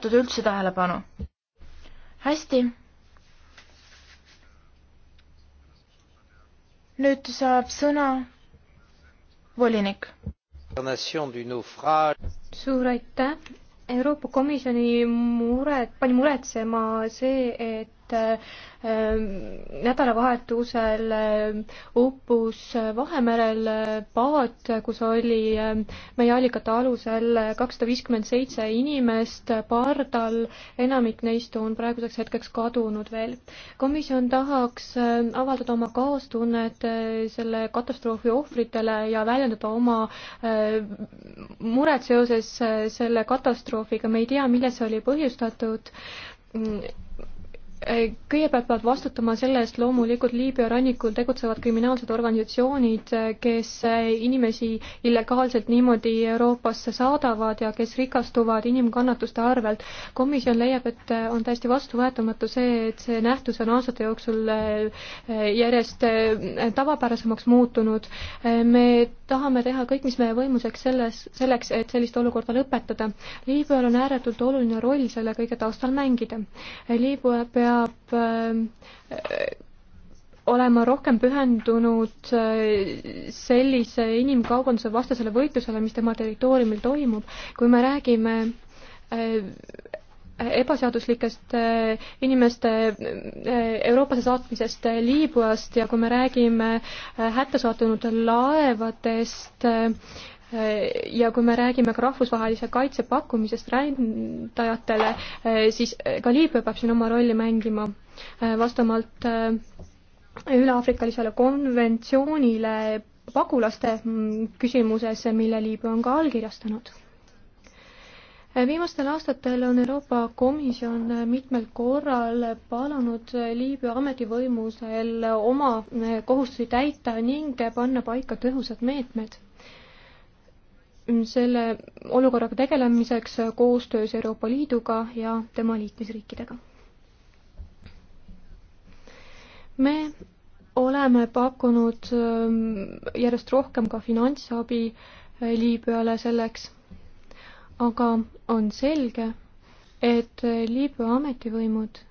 võtnud üldse tähelepanu. hästi. nüüd saab sõna volinik. suur aitäh. Euroopa Komisjoni mured, pani muretsema see, et et ähm, nädalavahetusel äh, uppus äh, Vahemerel äh, paat, kus oli ähm, meie allikate alusel kakssada viiskümmend seitse inimest pardal, enamik neist on praeguseks hetkeks kadunud veel. komisjon tahaks avaldada oma kaastunnet selle katastroofi ohvritele ja väljendada oma muret seoses selle katastroofiga, me ei tea, milles see oli põhjustatud kõigepealt peavad vastutama selle eest loomulikult Liibüa rannikul tegutsevad kriminaalsed organisatsioonid, kes inimesi illegaalselt niimoodi Euroopasse saadavad ja kes rikastuvad inimkannatuste arvelt. komisjon leiab, et on täiesti vastuvõetamatu see, et see nähtus on aastate jooksul eh, järjest eh, tavapärasemaks muutunud. Eh, me tahame teha kõik, mis meie võimuseks selles, selleks, et sellist olukorda lõpetada. Liibüal on ääretult oluline roll selle kõige taustal mängida. Liibüa peab peab äh, olema rohkem pühendunud äh, sellise inimkaubanduse vastasele võitlusele, mis tema territooriumil toimub. kui me räägime äh, ebaseaduslikest inimeste Euroopasse saatmisest Liibüast ja kui me räägime hätta sattunud laevadest, ja kui me räägime ka rahvusvahelise kaitse pakkumisest rändajatele, eh, siis eh, ka Liibüa peab siin oma rolli mängima. Eh, vastavalt üleaafrikalisele konventsioonile pagulaste mm, küsimuses, mille Liibüa on ka allkirjastanud. viimastel aastatel on Euroopa Komisjon mitmel korral palunud Liibüa ametivõimusel oma kohustusi täita ning panna paika tõhusad meetmed selle olukorraga tegelemiseks koostöös Euroopa Liiduga ja tema liikmesriikidega. me oleme pakkunud ähm, järjest rohkem ka finantsabi äh, Liibüale selleks, aga on selge, et äh, Liibüa ametivõimud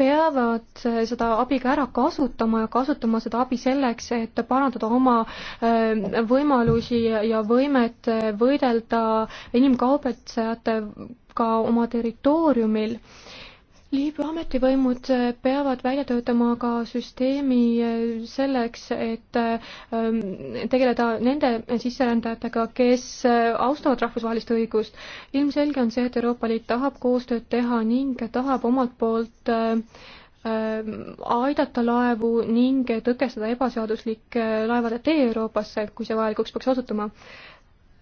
peavad seda abi ka ära kasutama ja kasutama seda abi selleks, et parandada oma äh, võimalusi ja võimet võidelda inimkaubitsejatega oma territooriumil Liibüa ametivõimud peavad välja töötama ka süsteemi eh, selleks, et ehm, tegeleda nende sisserändajatega, kes eh, austavad rahvusvahelist õigust. ilmselge on see, et Euroopa Liit tahab koostööd teha ning tahab omalt poolt eh, ehm, aidata laevu ning tõkestada ebaseaduslik laevade tee Euroopasse, kui see vajalikuks peaks osutuma.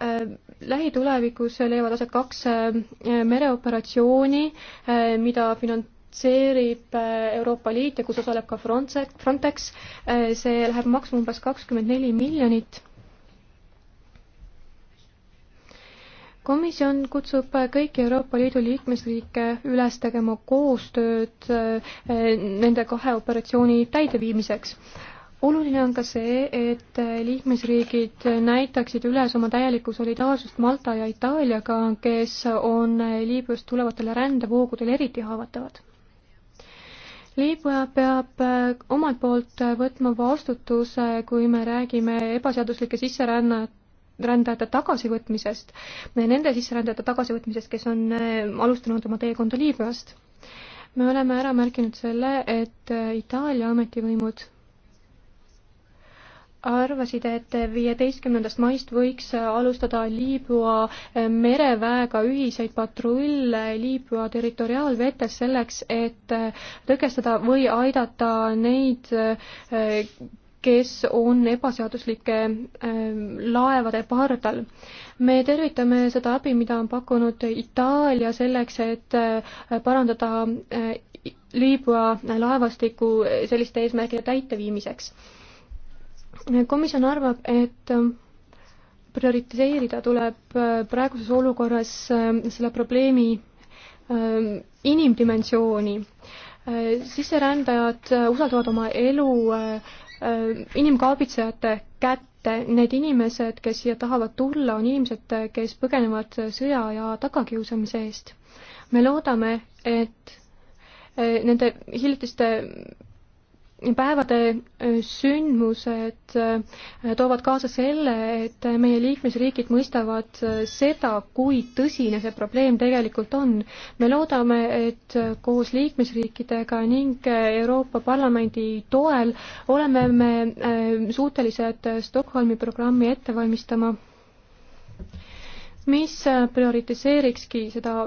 Äh, lähitulevikus leiavad aset kaks äh, mereoperatsiooni, äh, mida finant-, finantseerib Euroopa Liit ja kus osaleb ka Frontex. see läheb maksma umbes kakskümmend neli miljonit. komisjon kutsub kõiki Euroopa Liidu liikmesriike üles tegema koostööd nende kahe operatsiooni täideviimiseks oluline on ka see, et liikmesriigid näitaksid üles oma täielikku solidaarsust Malta ja Itaaliaga, kes on Liibüast tulevatele rändevoogudele eriti haavatavad. Liibüa peab omalt poolt võtma vastutuse, kui me räägime ebaseaduslike sisserännajate rändajate tagasivõtmisest, nende sisserändajate tagasivõtmisest, kes on alustanud oma teekonda Liibüast. me oleme ära märkinud selle, et Itaalia ametivõimud arvasid, et viieteistkümnendast maist võiks alustada Liibüa mereväega ühiseid patrulle Liibüa territoriaalvetes selleks, et tõkestada või aidata neid, kes on ebaseaduslike äh, laevade pardal. me tervitame seda abi, mida on pakkunud Itaalia selleks, et äh, parandada äh, Liibüa laevastiku selliste eesmärkide täiteviimiseks komisjon arvab, et äh, prioritiseerida tuleb äh, praeguses olukorras äh, selle probleemi inimdimensiooni. sisserändajad usaldavad oma elu inimkaabitsejate kätte, need inimesed, kes siia tahavad tulla, on inimesed, kes põgenevad sõja ja tagakiusamise eest. me loodame, et nende hiljutiste päevade äh, sündmused äh, toovad kaasa selle, et meie liikmesriigid mõistavad äh, seda, kui tõsine see probleem tegelikult on. me loodame, et koos liikmesriikidega ning Euroopa Parlamendi toel oleme me suutelised Stockholmi programmi ette valmistama, mis prioritiseerikski seda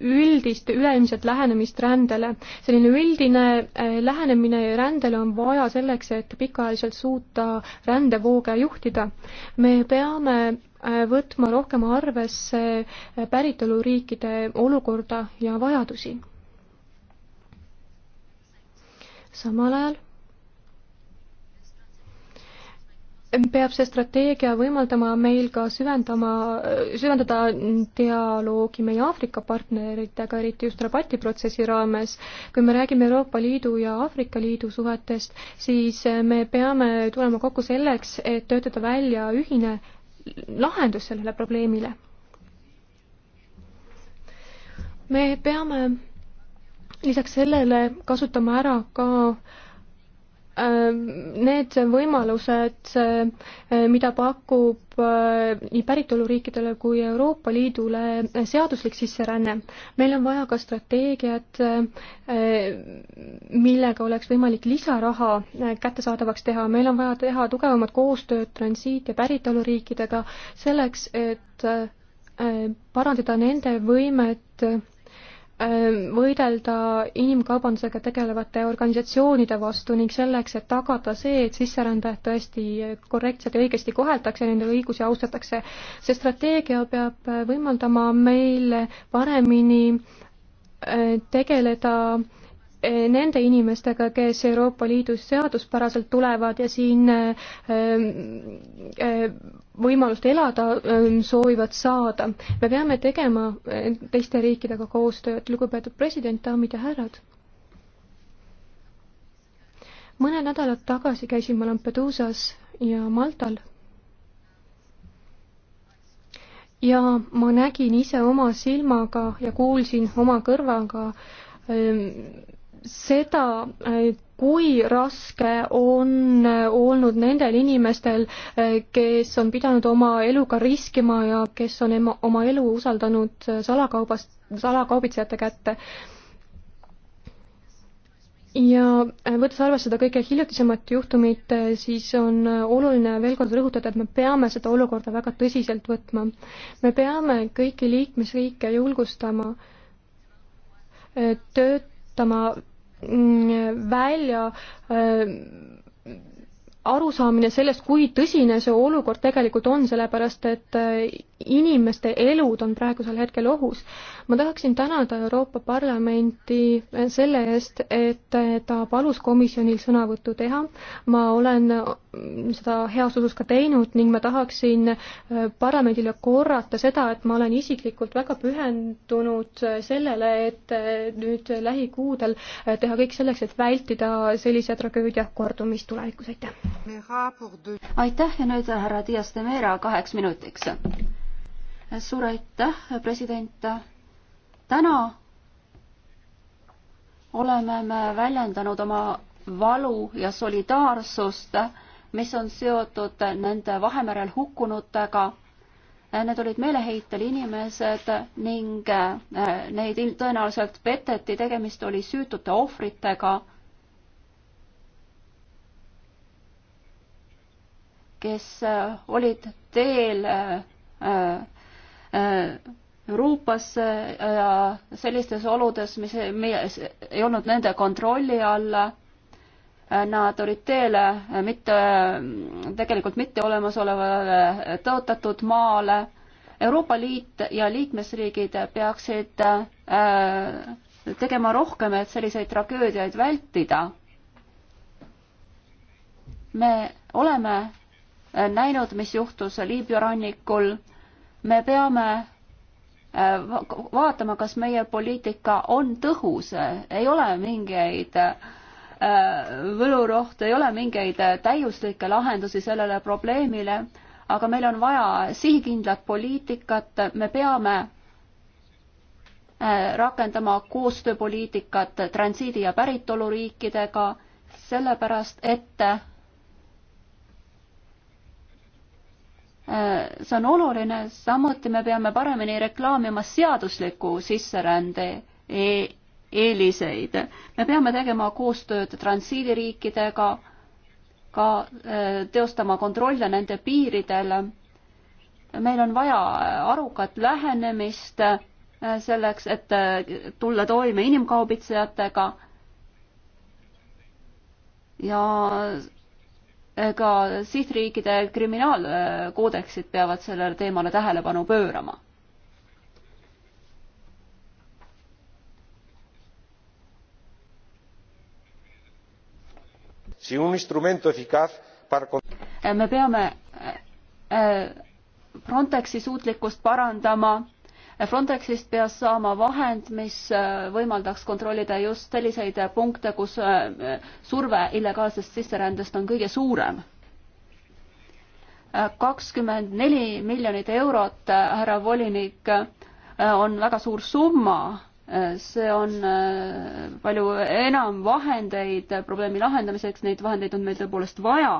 üldist üleilmset lähenemist rändele. selline üldine äh, lähenemine rändele on vaja selleks, et pikaajaliselt suuta rändevooge juhtida. me peame äh, võtma rohkem arvesse äh, päritoluriikide olukorda ja vajadusi. samal ajal peab see strateegia võimaldama meil ka süvendama, süvendada dialoogi meie Aafrika partneritega, eriti just rabati protsessi raames. kui me räägime Euroopa Liidu ja Aafrika Liidu suhetest, siis me peame tulema kokku selleks, et töötada välja ühine lahendus sellele probleemile. me peame lisaks sellele kasutama ära ka äh, Äh, need võimalused, äh, mida pakub äh, nii päritoluriikidele kui Euroopa Liidule seaduslik sisseränne, meil on vaja ka strateegiat, millega oleks võimalik lisaraha kättesaadavaks teha, meil on vaja teha tugevamat koostööd transiit- ja päritoluriikidega selleks, et parandada nende võimet Ähm, võidelda inimkaubandusega tegelevate organisatsioonide vastu ning selleks, et tagada see, et sisserändajad tõesti korrektselt ja õigesti koheldakse, nende õigusi austatakse. see strateegia peab äh, võimaldama meil paremini äh, tegeleda äh, nende inimestega, kes Euroopa Liidus seaduspäraselt tulevad ja siin äh, äh, võimalust elada äh, soovivad saada. me peame tegema teiste riikidega koostööd, lugupeetud president, daamid ja härrad. mõned nädalad tagasi käisin ma Lampeduusas ja Maltal ja ma nägin ise oma silmaga ja kuulsin oma kõrvaga ähm, seda, kui raske on olnud nendel inimestel, kes on pidanud oma eluga riskima ja kes on ema, oma elu usaldanud salakaubast, salakaubitsejate kätte. ja võttes arvesse seda kõige hiljutisemat juhtumit, siis on oluline veel kord rõhutada, et me peame seda olukorda väga tõsiselt võtma. me peame kõiki liikmesriike julgustama tööt-, selgitama mm, välja äh, arusaamine sellest, kui tõsine see olukord tegelikult on, sellepärast et äh, inimeste elud on praegusel hetkel ohus. ma tahaksin tänada Euroopa Parlamenti selle eest, et ta palus komisjonil sõnavõttu teha. ma olen seda heas usus ka teinud ning ma tahaksin parlamendile korrata seda, et ma olen isiklikult väga pühendunud sellele, et nüüd lähikuudel teha kõik selleks, et vältida sellise tragöödia kordumist tulevikus, aitäh! aitäh ja nüüd härra Dias de Mera kaheks minutiks suur aitäh, president. täna oleme me väljendanud oma valu ja solidaarsust, mis on seotud nende Vahemerel hukkunutega. Need olid meeleheitel inimesed ning eh, neid tõenäoliselt peteti, tegemist oli süütute ohvritega, kes eh, olid teel eh, Äh, Euroopasse ja sellistes oludes, mis meie ei olnud nende kontrolli all. Äh, nad olid teele äh, mitte, tegelikult mitte olemasolevale tõotatud maale. Euroopa Liit ja liikmesriigid peaksid tegema rohkem, et selliseid tragöödiaid vältida. me oleme näinud, mis juhtus Liibüa rannikul me peame äh, vaatama, kas meie poliitika on tõhus, ei ole mingeid äh, võlurohte, ei ole mingeid äh, täiuslikke lahendusi sellele probleemile, aga meil on vaja sihikindlat poliitikat, me peame rakendama koostööpoliitikat transiidi- ja päritoluriikidega, sellepärast et see on oluline, samuti me peame paremini reklaamima seadusliku sisserände e eeliseid. me peame tegema koostööd transiidiriikidega, ka e, teostama kontrolle nende piiridel. meil on vaja arukat lähenemist e, selleks, et e, tulla toime inimkaubitsejatega ja ka sihtriikide kriminaalkoodeksid peavad sellele teemale tähelepanu pöörama si un instrumento eficaz para me peame eh, eh, Frontexi suutlikkust parandama Frontexist peaks saama vahend, mis äh, võimaldaks kontrollida just selliseid punkte, kus äh, surve illegaalsest sisserändest on kõige suurem. Äh, kakskümmend neli miljonit eurot, härra volinik, on väga suur summa, see on palju enam vahendeid probleemi lahendamiseks, neid vahendeid on meil tõepoolest vaja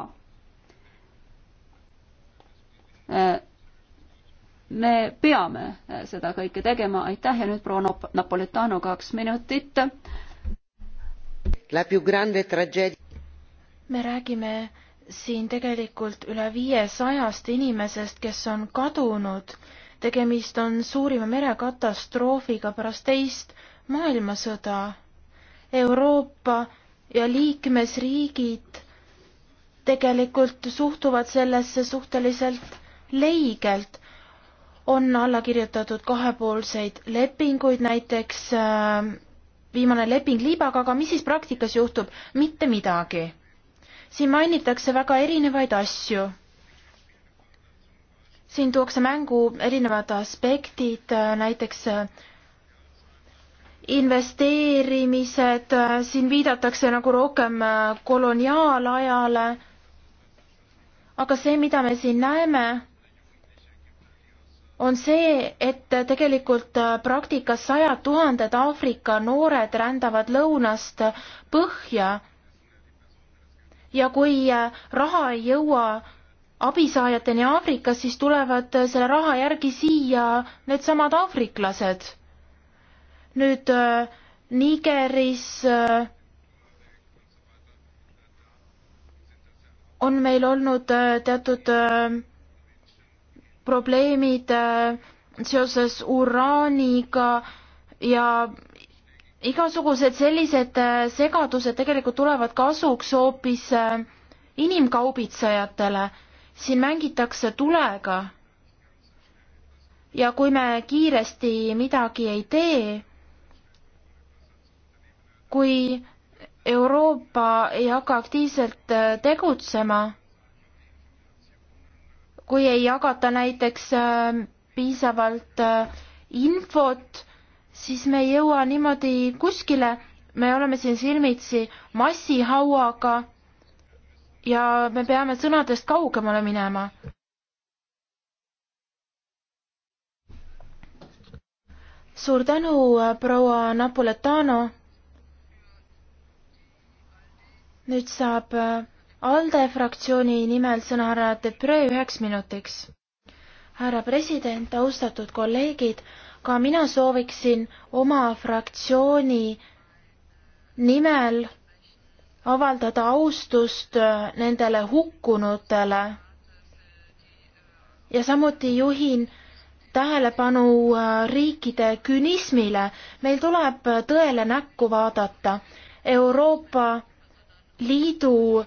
me peame äh, seda kõike tegema, aitäh ja nüüd proua Napolitano kaks minutit. me räägime siin tegelikult üle viiesajast inimesest, kes on kadunud. tegemist on suurima merekatastroofiga pärast teist maailmasõda. Euroopa ja liikmesriigid tegelikult suhtuvad sellesse suhteliselt leigelt on alla kirjutatud kahepoolseid lepinguid, näiteks äh, viimane leping Liibaga, aga mis siis praktikas juhtub? mitte midagi. siin mainitakse väga erinevaid asju. siin tuuakse mängu erinevad aspektid, äh, näiteks äh, investeerimised, äh, siin viidatakse nagu rohkem koloniaalajale, aga see, mida me siin näeme, on see, et tegelikult äh, praktikas sajad tuhanded Aafrika noored rändavad lõunast äh, põhja ja kui äh, raha ei jõua abisaajateni Aafrikas, siis tulevad selle raha järgi siia needsamad aafriklased. nüüd Nigeris on meil olnud teatud probleemid äh, seoses uraaniga ja igasugused sellised äh, segadused tegelikult tulevad kasuks hoopis äh, inimkaubitsejatele. siin mängitakse tulega. ja kui me kiiresti midagi ei tee, kui Euroopa ei hakka aktiivselt tegutsema kui ei jagata näiteks äh, piisavalt äh, infot, siis me ei jõua niimoodi kuskile, me oleme siin silmitsi massihauaga ja me peame sõnadest kaugemale minema. suur tänu, äh, proua Napoletano. nüüd saab ALDE fraktsiooni nimel sõna härra Depree üheks minutiks. härra president, austatud kolleegid, ka mina sooviksin oma fraktsiooni nimel avaldada austust nendele hukkunutele ja samuti juhin tähelepanu äh, riikide künismile, meil tuleb tõele näkku vaadata. Euroopa Liidu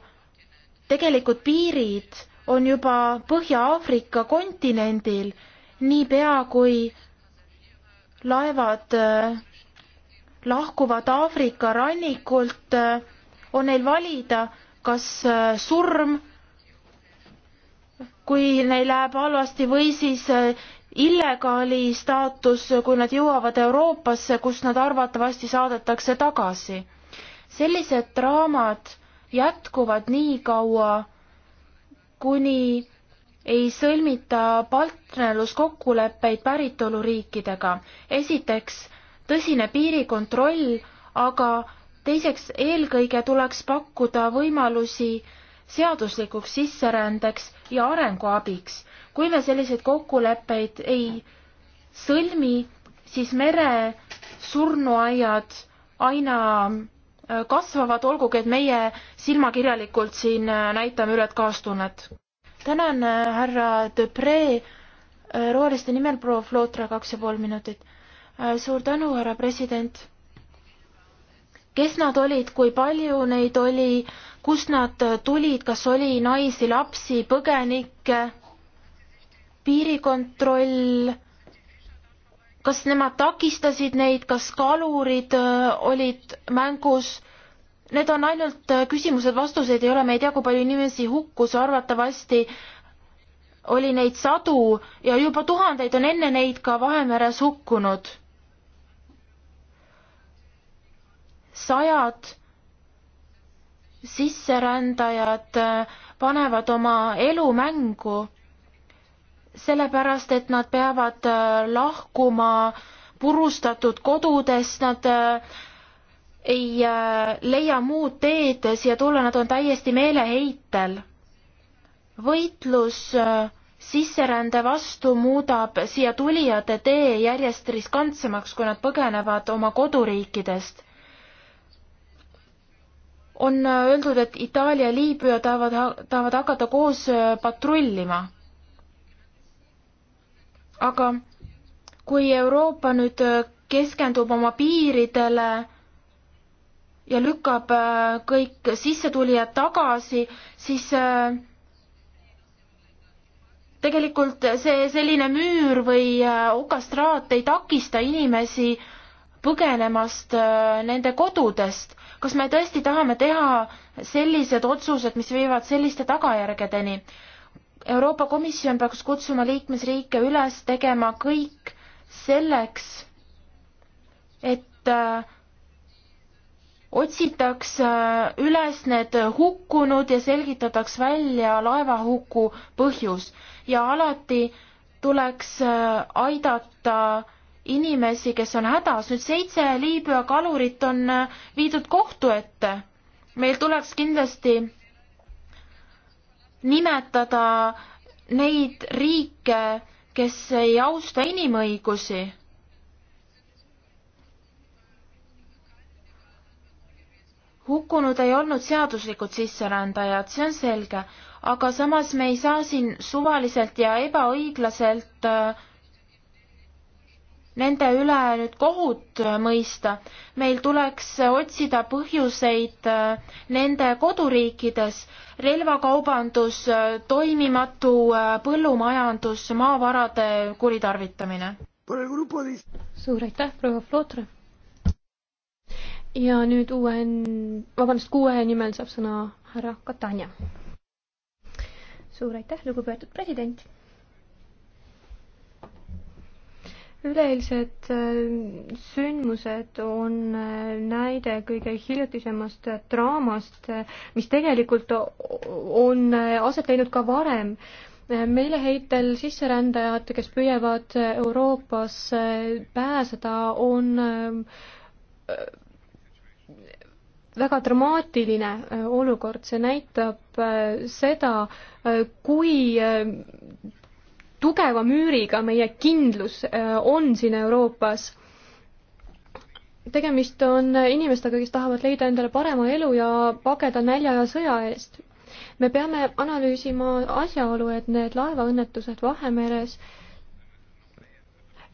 tegelikud piirid on juba Põhja-Aafrika kontinendil, niipea kui laevad äh, lahkuvad Aafrika rannikult, äh, on neil valida, kas äh, surm, kui neil läheb halvasti, või siis illegaali staatus, kui nad jõuavad Euroopasse, kus nad arvatavasti saadetakse tagasi. sellised draamad jätkuvad nii kaua, kuni ei sõlmita partnerluskokkuleppeid päritoluriikidega. esiteks tõsine piirikontroll, aga teiseks eelkõige tuleks pakkuda võimalusi seaduslikuks sisserändeks ja arenguabiks. kui me selliseid kokkuleppeid ei sõlmi, siis mere surnuaiad aina kasvavad, olgugi et meie silmakirjalikult siin äh, näitame üle kaastunnet. tänan, äh, härra Depree, äh, roheliste nimel proua Flootra, kaks ja pool minutit. suur tänu, härra president. kes nad olid, kui palju neid oli, kust nad tulid, kas oli naisi, lapsi, põgenikke? piirikontroll kas nemad takistasid neid, kas kalurid äh, olid mängus? Need on ainult äh, küsimused, vastuseid ei ole, me ei tea, kui palju inimesi hukkus, arvatavasti oli neid sadu ja juba tuhandeid on enne neid ka Vahemeres hukkunud. sajad sisserändajad äh, panevad oma elu mängu sellepärast, et nad peavad äh, lahkuma purustatud kodudest, nad äh, ei äh, leia muud teed siia tulla, nad on täiesti meeleheitel. võitlus sisserände vastu muudab siia tulijate tee järjest riskantsemaks, kui nad põgenevad oma koduriikidest. on öeldud, et Itaalia ja Liibüa tahavad, tahavad hakata koos patrullima aga kui Euroopa nüüd keskendub oma piiridele ja lükkab äh, kõik sissetulijad tagasi, siis äh, tegelikult see selline müür või äh, okastraat ei takista inimesi põgenemast nende kodudest. kas me tõesti tahame teha sellised otsused, mis viivad selliste tagajärgedeni? Euroopa Komisjon peaks kutsuma liikmesriike üles tegema kõik selleks, et äh, otsitaks äh, üles need hukkunud ja selgitataks välja laevahuku põhjus ja alati tuleks äh, aidata inimesi, kes on hädas. nüüd seitse Liibüa kalurit on viidud kohtu ette. meil tuleks kindlasti nimetada neid riike, kes ei austa inimõigusi. hukkunud ei olnud seaduslikud sisserändajad, see on selge, aga samas me ei saa siin suvaliselt ja ebaõiglaselt äh, nende üle nüüd kohut mõista. meil tuleks otsida põhjuseid äh, nende koduriikides. relvakaubandus, äh, toimimatu äh, põllumajandus, maavarade kuritarvitamine. suur aitäh, proua Flootre! ja nüüd UN, vabandust, kuue nimel saab sõna härra Katania. suur aitäh, lugupeetud president üleeilsed äh, sündmused on äh, näide kõige hiljutisemast draamast, äh, mis tegelikult on aset leidnud ka varem. meeleheitel sisserändajad, kes püüavad Euroopas pääseda, on väga dramaatiline olukord, see näitab seda, kui tugeva müüriga meie kindlus äh, on siin Euroopas. tegemist on inimestega, kes tahavad leida endale parema elu ja pageda nälja ja sõja eest. me peame analüüsima asjaolu, et need laevaõnnetused Vahemeres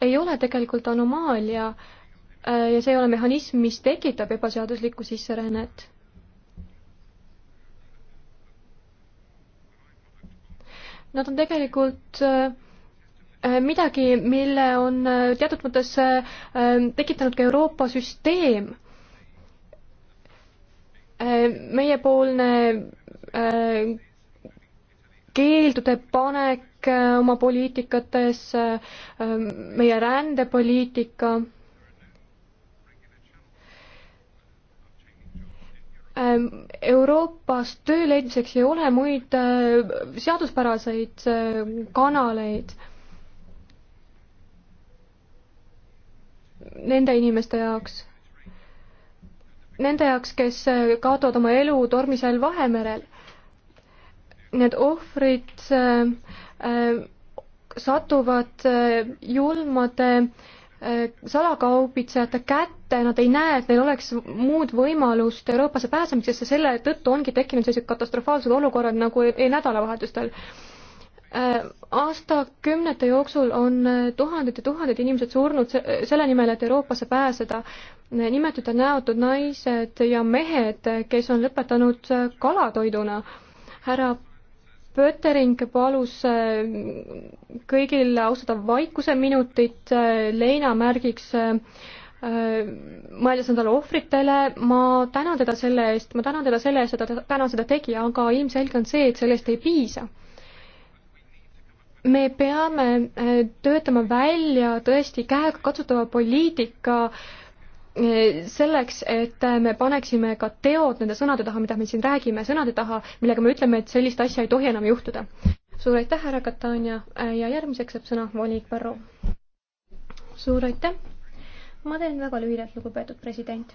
ei ole tegelikult anomaalia äh, ja see ei ole mehhanism, mis tekitab ebaseaduslikku sisserännet nad on tegelikult äh, äh, midagi, mille on äh, teatud mõttes tekitanud ka Euroopa süsteem. meiepoolne keeldude panek oma poliitikates, meie rändepoliitika Ähm, Euroopas töö leidmiseks ei ole muid äh, seaduspäraseid äh, kanaleid nende inimeste jaoks, nende jaoks, kes äh, kaotavad oma elu tormisel Vahemerel. Need ohvrid äh, äh, satuvad äh, julmade äh, Äh, salakaubitsejate kätte, nad ei näe, et neil oleks muud võimalust Euroopasse pääsemiseks ja selle tõttu ongi tekkinud sellised katastrofaalsed olukorrad nagu e-, e-, nädalavahetustel. Äh, aastakümnete jooksul on äh, tuhanded ja tuhanded inimesed surnud selle nimel, et Euroopasse pääseda. nimetud ja näotud naised ja mehed, kes on lõpetanud kalatoiduna. härra Pöttering palus äh, kõigil austada vaikuseminutit äh, leinamärgiks äh, mõeldes endale ohvritele, ma tänan teda selle eest, ma tänan teda selle eest, et ta täna seda tegi, aga ilmselge on see, et sellest ei piisa. me peame töötama välja tõesti käegakatsutava poliitika äh, selleks, et me paneksime ka teod nende sõnade taha, mida me siin räägime, sõnade taha, millega me ütleme, et sellist asja ei tohi enam juhtuda. suur aitäh, härra Katania ja järgmiseks saab sõna volinik Varro. suur aitäh. ma teen väga lühidalt, lugupeetud president.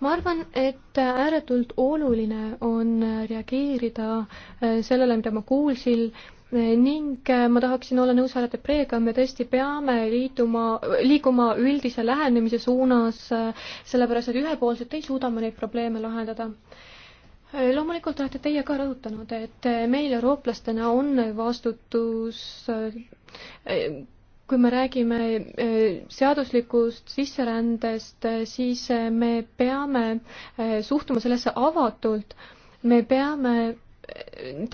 ma arvan, et ääretult oluline on reageerida sellele, mida ma kuulsin ning äh, ma tahaksin olla nõus härra Depreega, me tõesti peame liiduma, liiguma üldise lähenemise suunas, äh, sellepärast et ühepoolselt ei suuda me neid probleeme lahendada. Äh, loomulikult olete teie ka rõhutanud, et meil eurooplastena on vastutus kui me räägime seaduslikust sisserändest, siis me peame suhtuma sellesse avatult, me peame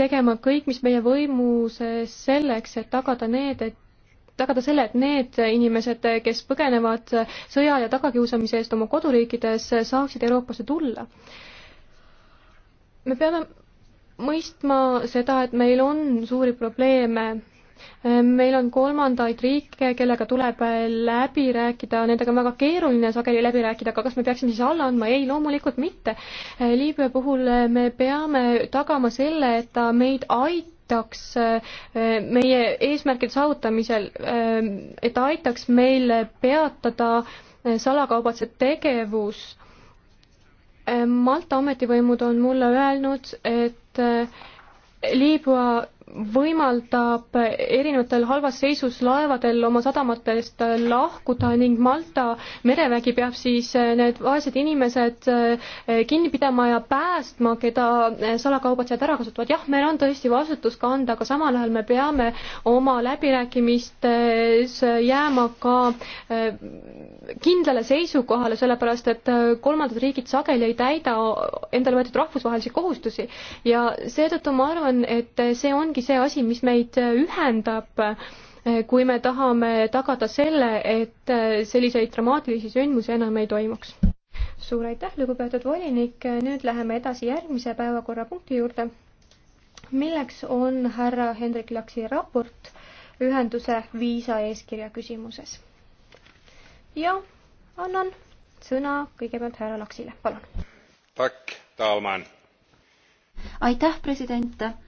tegema kõik, mis meie võimuses selleks, et tagada need, et tagada selle, et need inimesed, kes põgenevad sõja ja tagakiusamise eest oma koduriikides, saaksid Euroopasse tulla. me peame mõistma seda, et meil on suuri probleeme Ehm, meil on kolmandaid riike, kellega tuleb äh, läbi rääkida, nendega on väga keeruline sageli läbi rääkida, aga kas me peaksime siis alla andma? ei, loomulikult mitte. Äh, Liibüa puhul äh, me peame tagama selle, et ta meid aitab aitaks meie eesmärkide saavutamisel, ehm, et ta aitaks meil peatada salakaubatuse tegevus. Ehm, Malta ametivõimud on mulle öelnud, et Liibüa võimaldab erinevatel halvas seisus laevadel oma sadamatest lahkuda ning Malta merevägi peab siis need vaesed inimesed eh, kinni pidama ja päästma, keda eh, salakaubitsejad ära kasutavad. jah, meil on tõesti vastutus kanda, aga samal ajal me peame oma läbirääkimistes jääma ka eh, kindlale seisukohale, sellepärast et kolmandad riigid sageli ei täida endale võetud rahvusvahelisi kohustusi ja seetõttu ma arvan, et see ongi see asi, mis meid ühendab, kui me tahame tagada selle, et selliseid dramaatilisi sündmusi enam ei toimuks. suur aitäh, lugupeetud volinik, nüüd läheme edasi järgmise päevakorrapunkti juurde, milleks on härra Hendrik Laksi raport ühenduse viisa eeskirja küsimuses. ja annan sõna kõigepealt härra Laksile, palun. aitäh, president